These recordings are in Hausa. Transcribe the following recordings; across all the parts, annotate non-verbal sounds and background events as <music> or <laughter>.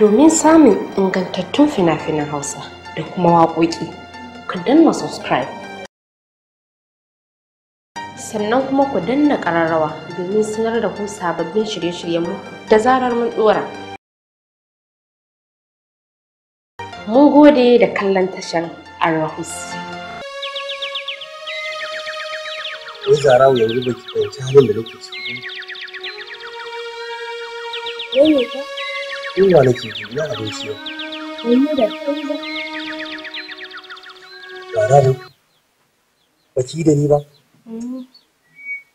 domin samun ingantattun fina-finan Hausa da kuma waƙoƙi, ku danna subscribe. Sannan kuma ku danna ƙararrawa domin sanar da ku sababbin shirye-shiryenmu da zarar mun ɗora. Mun gode da kallon tashar Arahus. Ni zarawa yanzu baki fahimci halin da nake ciki. Yau Yunwa nake ji ina abinci yau. Wani da kai ba. Ba ranar. Ba ki da ni ba. Mm.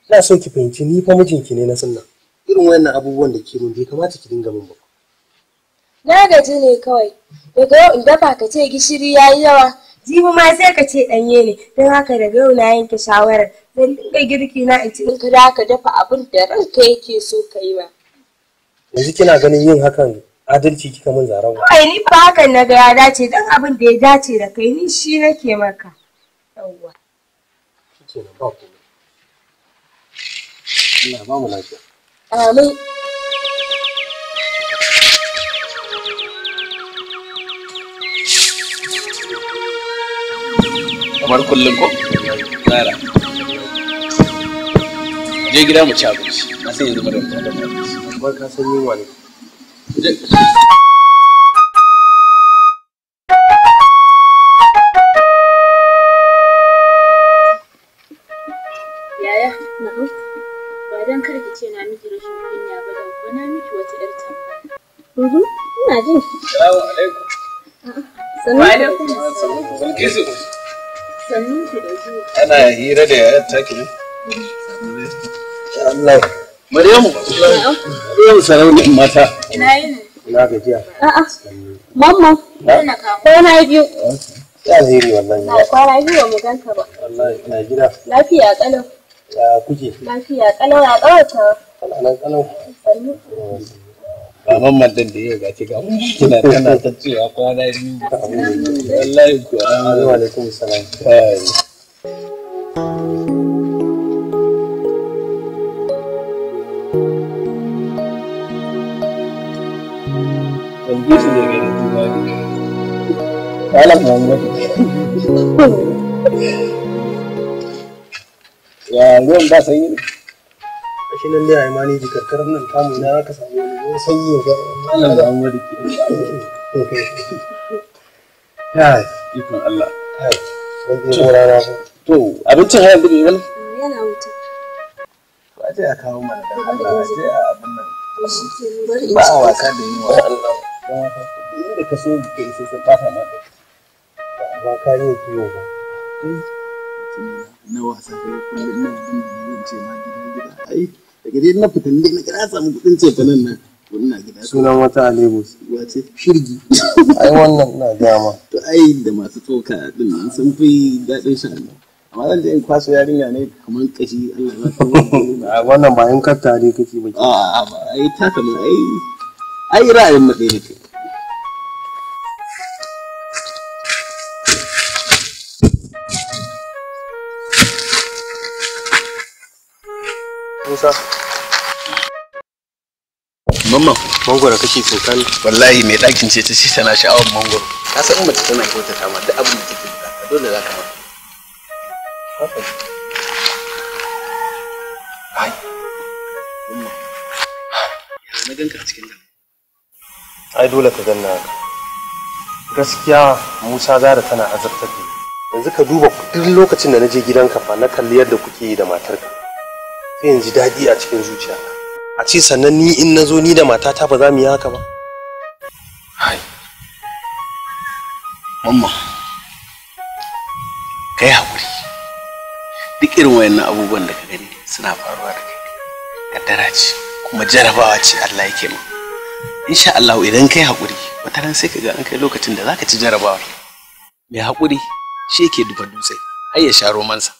Ina son ki fahimci ni fa mijinki ne na sunna. Irin wannan abubuwan da ke mun bai kamata ki dinga min ba. Na gaji ne kawai. Daga yau in dafa ka ce gishiri ya yi yawa. Jibi ma sai ka ce ɗanye ne. Don haka daga yau na yanke shawarar. Zan dinga girki na in ci in ka dafa abin da ranka yake so ka yi ba. yanzu kina ganin yin hakan adalci kika min ba kai ni ba hakan na ga ya dace dan abin da ya dace da kai ni shi nake maka yawa. kike ba ku Allah ba mu lafiya amin kamar kullum ko tsara je gida mu ci abinci na san yanzu mu da abinci kamar ka san yunwa ne yaya na'u ba dan ce na miki rashin kunya ba dan ko na miki wata yar tambaya mhm ina jin alaikum Sannu alaikum Sannu ku da hira da yayar take ne? Mhm. Allah. Maryamu, Maryamu mata. Ina yi ne. Ina gajiya. A'a. Mamma. Ina kawo. Kwana biyu. Ya ziri biyu mu ganka ba. Lafiya kalau. Lafiya kalau ya kawata. Ba mamman dan da ya gaci ga mun tana ta cewa kwana biyu. Wallahi Tambaye su Ya ba sanyi Kashi nan dai nan kamu na aka samu wani sanyi ga Malam ke. ikon Allah. wani rana ba. To, abincin Yana wuta. a je a kawo mana dan Allah a a abin nan ba a wasa da yin wasa don haka inda ka so ka iso sun fata ma ba ka yi kiwo ba na wasa ka yi kullum na abin da zan ce ma gida gida ai daga dai na fitan dai na kira samu kudin ce nan nan wannan gida sunan wata alebus wace shirgi <laughs> ai wannan na dama. to ai da masu tsoka din sun fi daɗin sha'ani amma zan je in kwaso yarinya ne kamar kashi Allah ya kuma <laughs> ah, wannan ba in kafta ne kake ba a a ba ai ta kama ai ai ra'ayin matsayi ne Musa. Mamman mangoro kake kokari. Wallahi mai ɗakin ce ta ce tana sha'awar mangoro. Ka san mace tana kyautata ma duk abin da take dole za ka mata. Ai dole ka ganna haka. Gaskiya Musa Zara tana azabtar da yanzu ka duba duk lokacin da na je gidanka fa na kalli yadda kuke yi da matarka. Sai yanzu daɗi a cikin zuciya. A ce sannan ni in na zo ni da matata ba za mu yi haka ba. Ai. Mamma. Kai haƙuri. irin wayannan abubuwan da ka gani suna faruwa da kai kaddara ce kuma jarabawa ce Allah yake mu insha Allah idan kai hakuri wata ran sai ka ga an kai lokacin da zaka ci jarabawa. mai hakuri shi yake duba dutse har ya sha romansa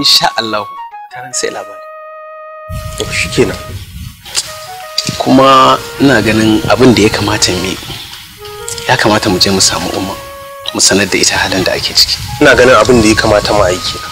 insha Allah wata ran sai labari to shikenan kuma ina ganin abin da ya kamata mu ya kamata mu je mu samu umma mu sanar da ita halin da ake ciki ina ganin abin da ya kamata mu aiki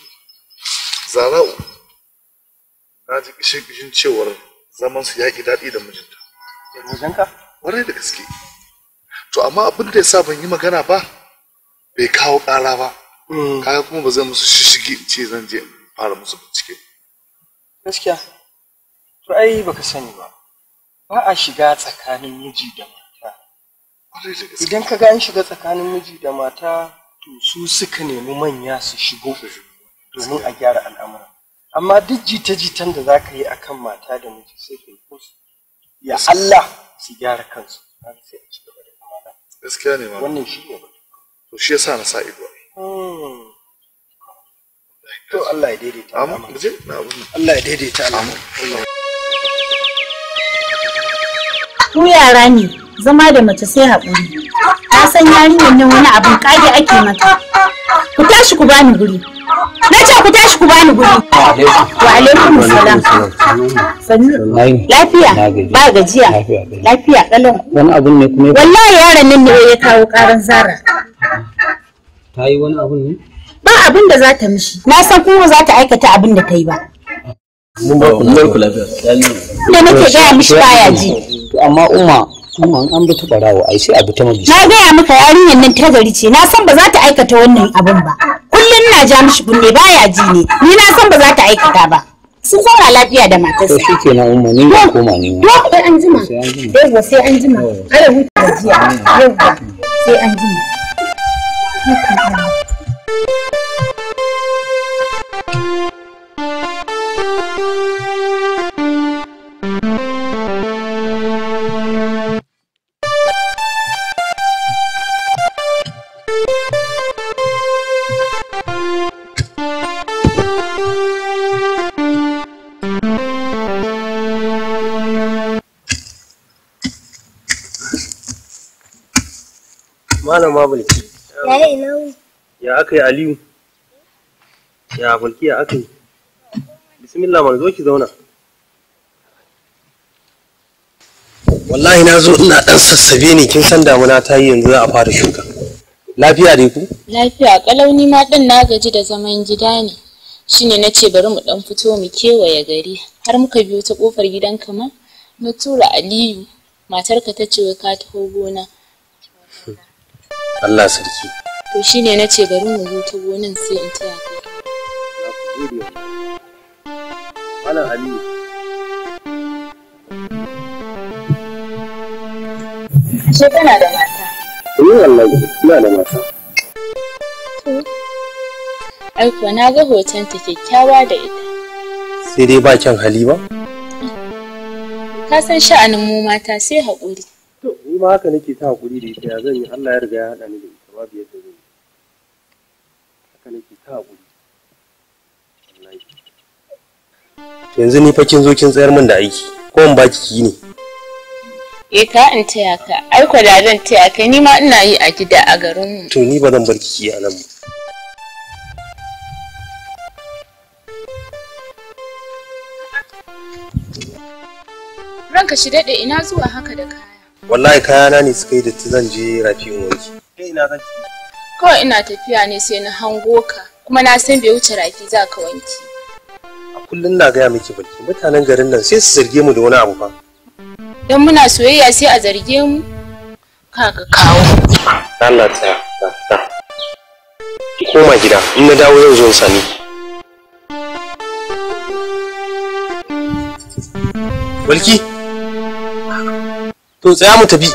zara'u na ji kishin cewar zaman su yaƙi daɗi da mijinta wajenka warai da gaske to amma abin da ya sa ban yi magana ba bai kawo ƙara ba mm. kaga kuma ba zai musu shishigi in ce zan je fara musu bincike gaskiya to ai baka sani ba ba a shiga tsakanin miji da mata idan ka ga an shiga tsakanin miji da mata to su suka nemi manya su shigo domin a gyara al'ada amma duk jita-jitan da za ka yi a kan mata da miji sai ka yi su ya Allah su gyara kansu har sai a ci gaba da amana gaskiya ne ma wannan shi ne to shi yasa na sa ido hmm. to Allah ya daidaita al'amari Allah ya daidaita amma Ku yara ne, zama da mace sai haƙuri. Na san yarinyar nan wani abin ƙage ake mata. Ku tashi ku bani guri. Na ce ku tashi ku bani guri. Wa alaikum salam. Sannu. Lafiya. Ba gajiya. Lafiya ƙalau. Wani abun ne kuma. Wallahi yaron nan ne ya kawo ƙaran zara. Ta yi wani abun ne? Ba abin da za ta mishi. Na san kuma za ta aikata abin da ta yi ba. mun ba ku mun kula da nake gaya mishi baya ji amma umma kuma an bi ta ai sai ta mabi na gaya maka yarinyar nan ta gari ce na san ba za ta aikata wannan abin ba kullum na ja mishi kunne baya ji ne ni na san ba za ta aikata ba sun zauna lafiya da matarsa to umma ni koma to sai an jima yauwa sai an jima ai huta gajiya yauwa sai an jima ma bulki ya aka yi aliyu ya bulki ya aka bismillah man zo ki zauna wallahi na zo ina dan sassabe ne kin san damuna ta yi yanzu za a fara shuka lafiya dai ku lafiya kalauni ma din na gaji da zaman gida ne shine na ce bari mu ɗan fito mu kewaye gari har muka biyo ta ƙofar gidanka ma na tura aliyu matarka ta ce ka taho gona Allah sarki to shine na ce bari mu zo ta gonin, sai in taya kai Malam Aliyu Ashe kana da mata? Ni eh, wallahi ina da mata. Ai kuwa na ga hoton ta kyakkyawa da ita. Sai dai ba kyan hali ba? Ka san sha'anin mu mata sai haƙuri. ma haka nake ta hakuri da ita ya zan yi Allah ya riga ya haɗa ni da ita babu yadda zan yi haka nake ta hakuri yanzu ni fa kin zo kin tsayar min da aiki ko in baki ki ne eh ka in taya ka ai ko da zan taya ka ni ma ina yi a gida a garin mu to ni ba zan bar ki a nan ba ranka shi daɗe ina zuwa haka da kaya wallahi kayana ne suka yi datti zan je rafi wanki kai ina kawai ina tafiya ne sai na hango ka kuma na san bai wuce rafi za ka wanki a kullum na gaya miki balki mutanen garin nan sai su zarge mu da wani abu fa dan muna soyayya sai a zarge mu kaga kawo Allah ta ta ki koma gida in na dawo yau zo sani Walki. to tsaya mu tafi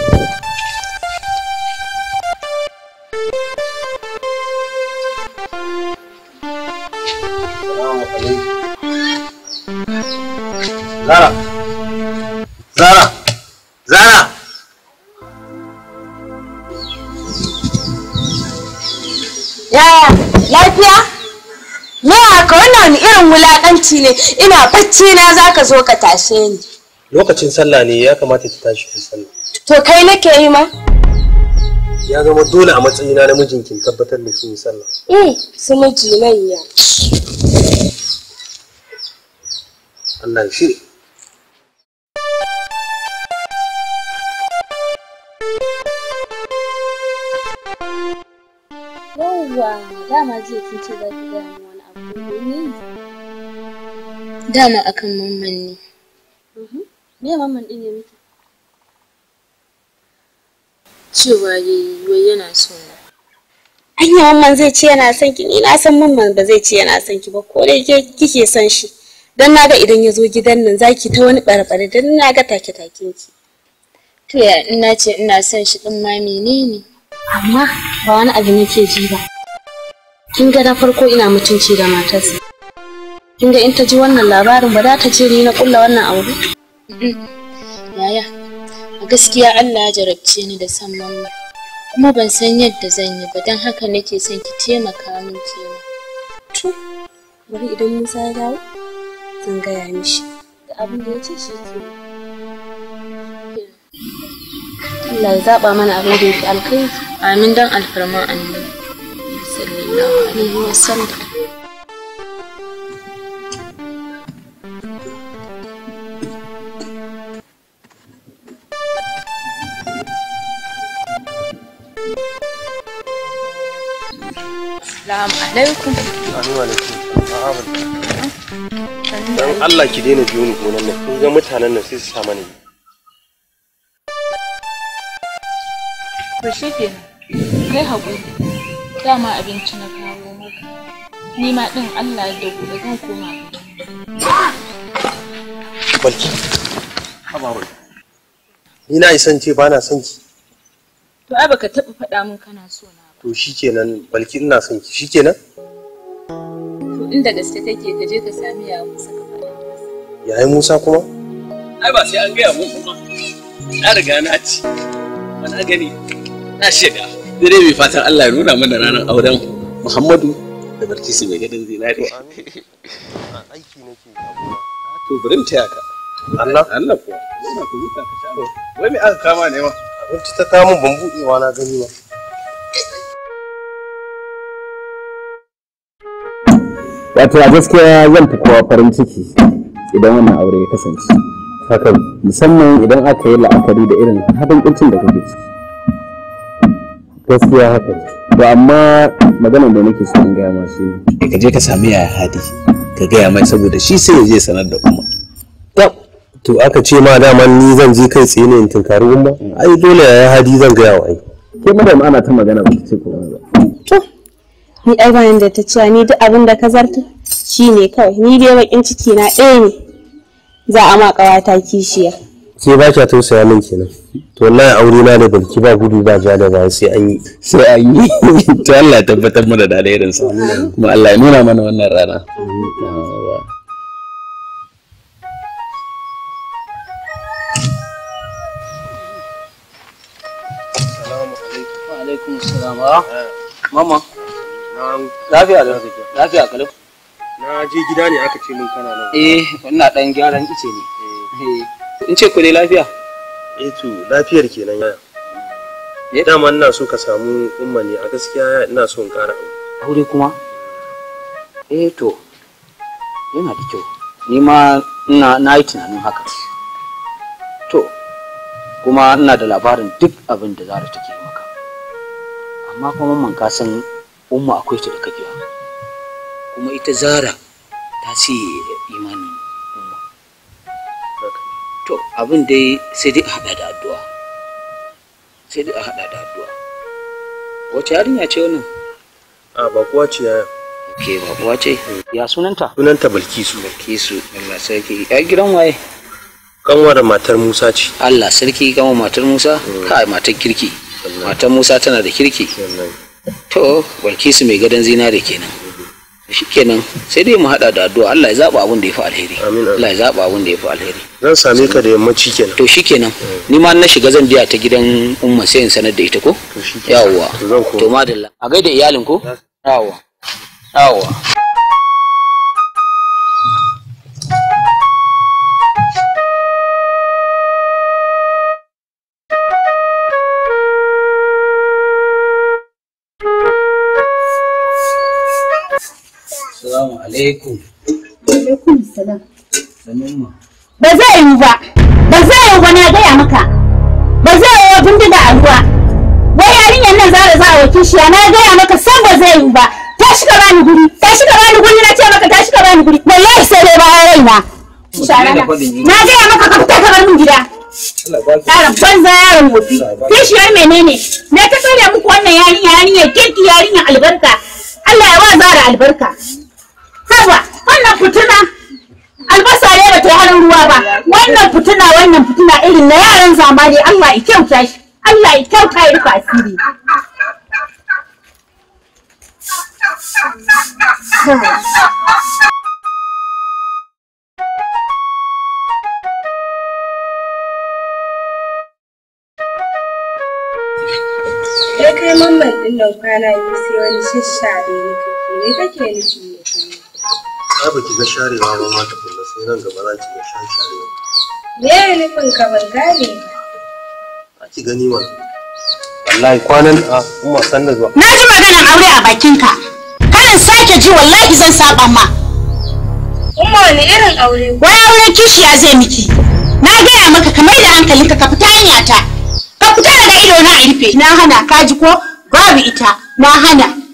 Zara, Zara, Zara. Yaya, lafiya? Ya ka wannan irin wulakanci ne, ina bacci na zaka zo ka tashe ni. lokacin sallah ne ya kamata ki tashi ki sallah to kai nake yi ma ya zama dole a matsayina na mijinki tabbatar da shi sallah eh su miji nan ya Allah shi yawwa dama zai za ki wani abu ne dama akan mamman ne me mamman din ya miki cewa yi wai yana son anya mamman zai ce yana son ki ni na san mamman ba zai ce yana son ki ba ko dai kike son shi dan na ga idan ya zo gidan nan zaki ta wani barbare dan na ga take takin ki to ya ina ce ina son shi din ma menene amma ba wani abu nake ji ba kin ga na farko ina mutunci da matarsa kin ga in ta ji wannan labarin ba za ta ce ni na kulla wannan aure Mm. Yaya, a gaskiya Allah ya jarabce ni da san mamma, kuma ban san yadda zan yi ba don haka nake son ki taimaka min kenan. To, bari idan Musa ya dawo, zan gaya mishi da abin da ya ce shi ke. Allah ya zaba mana abin da ya fi Amin don alfarman annabi. Sallallahu alaihi wasallam. alaikum. Allah ki daina biyo ni gonan nan. Kun ga mutanen nan sai su sa mani. Ba shi ke kai haƙuri. Dama abinci na kawo maka. Ni ma din Allah da gobe zan koma. Balki. Habaru. Ni na yi ce ba na son ki. To ai baka taɓa faɗa min kana so na. to shi kenan balki ina son ki shikenan to inda gaske take ka je ka sami ya Musa ka faɗa yayi Musa kuma ai ba sai an gaya mu kuma na riga na ci na gani na shiga dare mai fatan Allah ya nuna mana ranar auren Muhammadu da Barkisu mai gadin zinari aiki nake to bari mu taya ka Allah Allah ko yana ku huta ka sha wai me aka kama ne ma abinci ta kama ban buɗewa na gani ba wato a gaskiya zan fi kowa farin ciki idan wannan aure ya kasance haka musamman idan aka yi la'akari da irin haɗin ƙuncin da kake ciki gaskiya haka to amma maganar da nake so in gaya ma shi ne ka je ka sami yaya hadi ka gaya mai saboda shi sai ya je sanar da umma to aka ce ma dama ni zan je kai tsaye ne in tunkari umma ai dole yaya hadi zan gaya wa ai ke madam ana ta magana ba ce ko ni ai ba da ta cewa ni duk abin da ka zarta shi ne kawai ni dai bakin ciki na ɗaya ne za a ma ƙawata kishiya ke ba kya tausaya min kenan to wallahi aure na da barki ba gudu ba ja da ba sai an yi sai an yi <laughs> to Allah ya tabbatar mana da alherin sa kuma Allah ya nuna mana wannan rana ah, Mama, Lafiya da lafiya kalau. Na je gida ne aka ce min kana nan. Eh, ina dan gyaran ice ne. Eh. eh. In ce ku ne lafiya? Eh to, lafiyar kenan yaya. Eh. Dama ina so ka samu umma ne a gaskiya ina so in ƙara aure. kuma? Eh to, yana da kyau. Ni ma ina na yi tunanin haka. To, kuma ina da labarin duk abin da Zara take maka. Amma kuma mun ka san umma akwai ta da kafiya kuma ita zara ta ce imanin umma to abin dai sai dai a hada da addu'a sai dai a hada da addu'a wace yarinya ce wannan a ba kuwa ce yaya ke ba kuwa ce ya sunanta sunanta bilkisu bilkisu Allah sarki ya gidan waye Kanwa da matar Musa ce Allah sarki kanwa matar Musa mm. kai matar kirki matar Musa tana da kirki to su mai gadon zinare kenan shi kenan sai dai mu hada da addu'a Allah ya zaba abin da ya fi alheri Allah ya zaba abin da yafi alheri zan same ka da yammaci kenan to shi kenan ni ma na shiga zan biya ta gidan umma sai in sanar da ita ko yawwa to madalla a gaida iyalin ko yawwa yawwa Ba zai yiwu ba. Ba zai yiwu ba na gaya maka. Ba zai yiwu bindiga a ruwa. Wai yarinyar nan za za a wakil shi na gaya maka san ba zai yiwu ba. Ta shiga bani guri. Ta shiga bani guri na ce maka ta shiga bani guri. Wallahi sai dai bayan raina. Na gaya maka ka fita ka bar min gida. Ƙara banza yaron gobe. Kishiyar menene? Na ta tsare muku wannan yarinya yarinya kirki yarinya albarka. Allah ya wa zara albarka. haba wannan fituna albasa ne da ta hannun ruwa ba wannan fituna wannan fituna irin na yaran zamani Allah ya kyauta shi Allah ya kyauta ya rufa asiri Ya kai mamman ɗin nan kwana biyu sai wani shashare ne kake ne kake nufi ne Ai ba ki ga sharewa ba ma tukunna sai nan gaba za ki ga shan sharewa. Me ya nufin ka ban gane ba? A ki gani mana. Wallahi kwanan a ah, kuma san zuwa. Na ji maganar aure a bakinka. Kanan sake ji wallahi zan saba ma. Umma wani irin aure? Wai auren kishiya zai miki. Na gaya maka ka mai da hankalinka ka fita hanya ta. Ka fita daga ido na a rufe. Na hana ka ji ko babu ita. Na hana.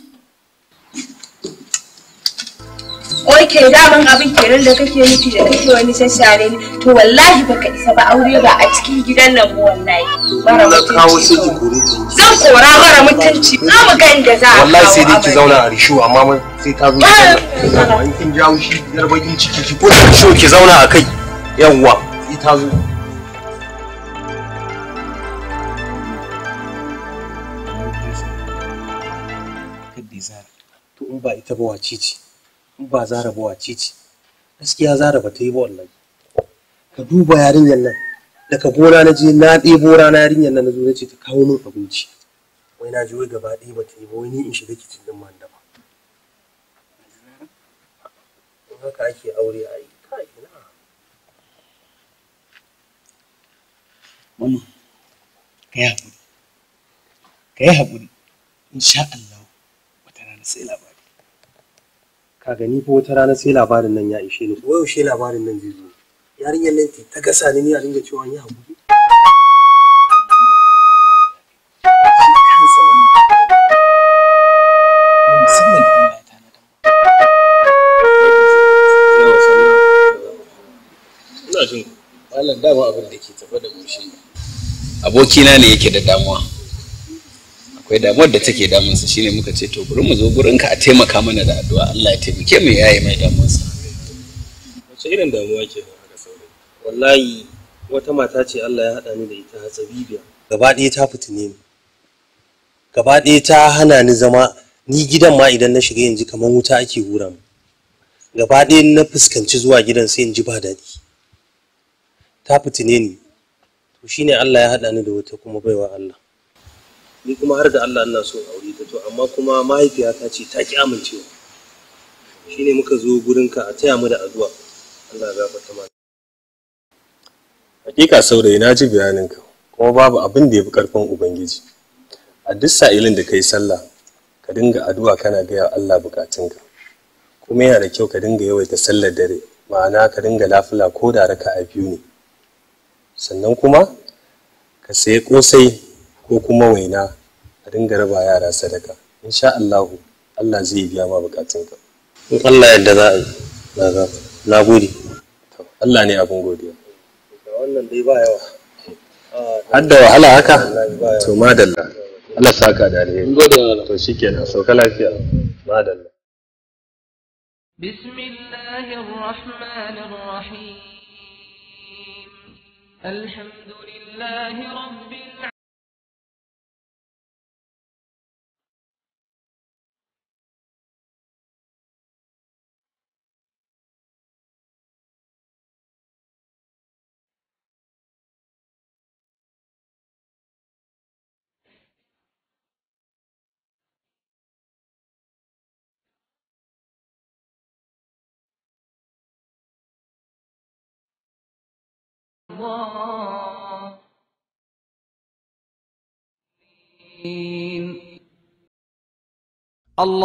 Oke daman abin kenan da kake nufi da kake wani shashare ne to wallahi baka isa ba aure ba a cikin gidan nan mu wallahi mara mutunci zan kora mara mutunci za mu ga inda za a wallahi sai dai ki zauna a rishu amma mun sai ta zo eh. in kin jawo shi yar bakin ciki ki ko rishu ki zauna a kai yawwa sai ta zo to in ba ita ba wace ce duba zara ba wace ce gaskiya zara ba ta yi ba wallahi ka duba yarinyar nan daga gona na je na ɗebo rana yarinyar nan na zo na ce ta kawo min abinci wai na je wai gaba ɗaya ba ta yi ba wai ni in shiga kicin din man daba ba haka ake aure a yi kai mama ka yi haƙuri ka yi haƙuri insha Allah wata rana sai labari ka gani ko wata rana sai labarin nan ya ishe ni ko yaushe labarin nan zai zo yarinyar nan ta gasa ni a dinga cewa ya hakuri Wannan dama abin abokina ne yake da damuwa akwai damar da take damunsa shine muka ce to bari mu zo gurinka a taimaka mana da addu'a Allah ya taimake mu yaye mai damunsa wace irin damuwa ke wallahi wata mata ce Allah ya haɗa ni da ita hatsabibiya gaba ɗaya ta fitine ni gaba ɗaya ta hana ni zama ni gidan ma idan na shiga yanzu kamar wuta ake hura mu gaba ɗaya na fuskanci zuwa gidan sai in ji ba daɗi ta fitine ni to shine Allah ya haɗa ni da wata kuma baiwa Allah ni kuma har da Allah ina so aure ta to amma kuma mahaifiyata ce ta ki amincewa shine muka zo gurin ka a taya mu da addu'a Allah ya gafarta mana hakika saurayi na ji ka kuma babu abin da ya bi karfin ubangiji a duk sa'ilin da kai sallah ka dinga addu'a kana gaya Allah bukatunka kuma yana da kyau ka dinga yawaita sallar dare ma'ana ka dinga lafula ko da raka a biyu ne sannan kuma ka sayi kosai ko kuma waina a dinga raba yara sadaka insha Allahu Allah zai biya ma bukatunka in Allah yadda za a yi na na gode Allah ne abin godiya wannan dai ba yawa har da wahala haka to madalla Allah saka da alheri to shikenan sauka lafiya madalla بسم الله الرحمن الرحيم الحمد لله رب الله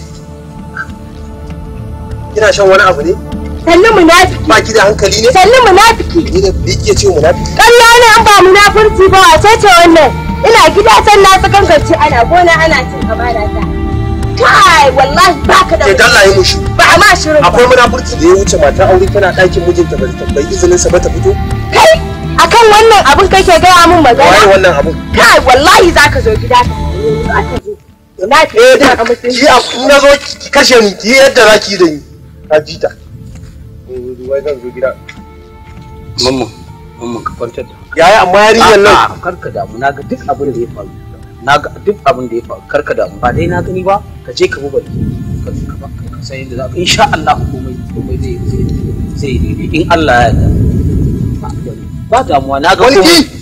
kina shan wani abu ne sannu munafiki ba ki da hankali ne sannu munafiki ni da bi ke ce munafiki kalla ne an ba munafurci ba wace ce wannan ina gida san na tsakan garci ana gona ana cin amana ta kai wallahi baka da ke dalla yi mushi ba ma shirin akwai munafurci da ya wuce mata aure tana ɗakin mijinta ba ta bai izinin sa ba ta fito kai akan wannan abun kake gaya min magana wai wannan abun kai wallahi zaka zo gida ka zo na ke eh, da mutunci ki na zo kashe ni ki yadda zaki da ni ka ji ta wai zan zo gida mamman mamman ka kwantar da yaya amma yarinyar nan karka damu na ga duk abin da ya faru na ga duk abin da ya faru karka damu ba dai na gani ba ka je ka bi barki ka san yadda za ka insha Allah komai komai zai zai daidai in Allah ya yarda ba damuwa na ga komai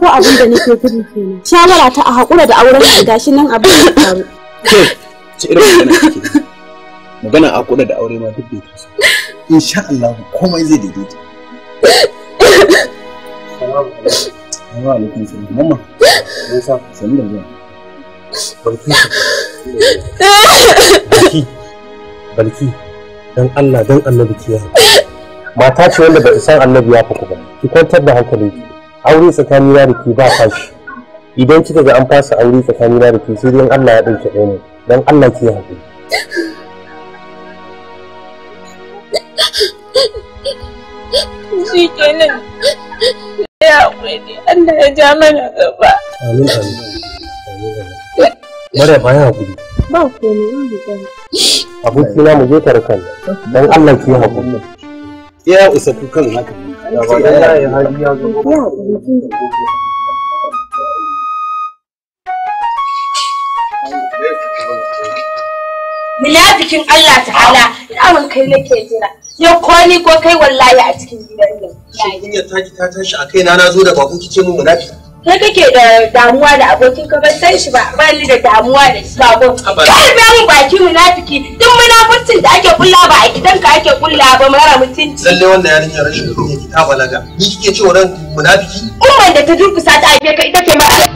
farko abin da nake gudu kenan shawara ta a haƙura da auren ka gashi nan abin ya faru ke ce irin wannan kake magana a kuɗa da aure ma duk bai taso insha Allah komai zai daidaita salamu alaikum salam mama yasa sa sanin da zuwa barki barki barki dan Allah dan annabi kiyaye mata ce wanda ba ta san annabi ya fuku ba ki kwantar da hankalinki aure tsakani na da ke ba fashi idan kika ga an fasa aure tsakani na da ke sai dan Allah ya dauke mu dan Allah ke haƙuri shi kenan ya haƙuri Allah ya ja mana gaba amin amin mara baya haƙuri ba komai ba abokina mu je tarkan dan Allah ke haƙuri ya isa kukan haka ne Munafikin Allah ta'ala yawan kai nake jira ya kwani ko kai wallahi a cikin gidan nan. Shin ta ta tashi a kaina na zo da bakon kicin mun munafi. kai kake da damuwa da abokin ka ban san shi ba ba ni da damuwa da shi ba ko kai ba mu baki munafiki duk munafurcin da ake kulla ba a gidan ka ake kulla ba mara mutunci lalle wannan yarinya rashin kunya ta balaga ni kike cewa ran munafiki umman da ta durkusa ta aibe ka ita ce mara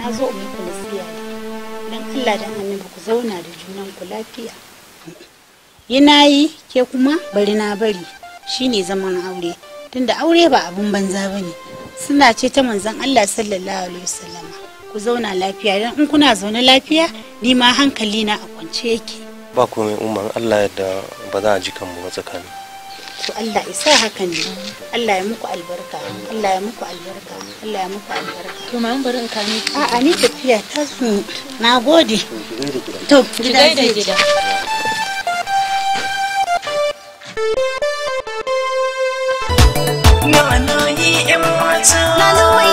na zo in yi ku nasiya don allah da annabi ku zauna da junan ku lafiya yana yi ke kuma bari na bari shine zaman aure tunda aure ba abun banza ba ne suna ce ta manzon allah sallallahu alaihi wasallam ku zauna lafiya don in kuna zaune lafiya ni ma hankali na a kwance yake ba komai umar allah da ba za a ji kan ba tsakanin to Allah ya sa hakan ne Allah ya muku albarka Allah ya muku albarka Allah ya muku albarka to mamu bari in ka ni a'a ni tafiya ta su na gode to gida gida Na yi 'yan mata. Na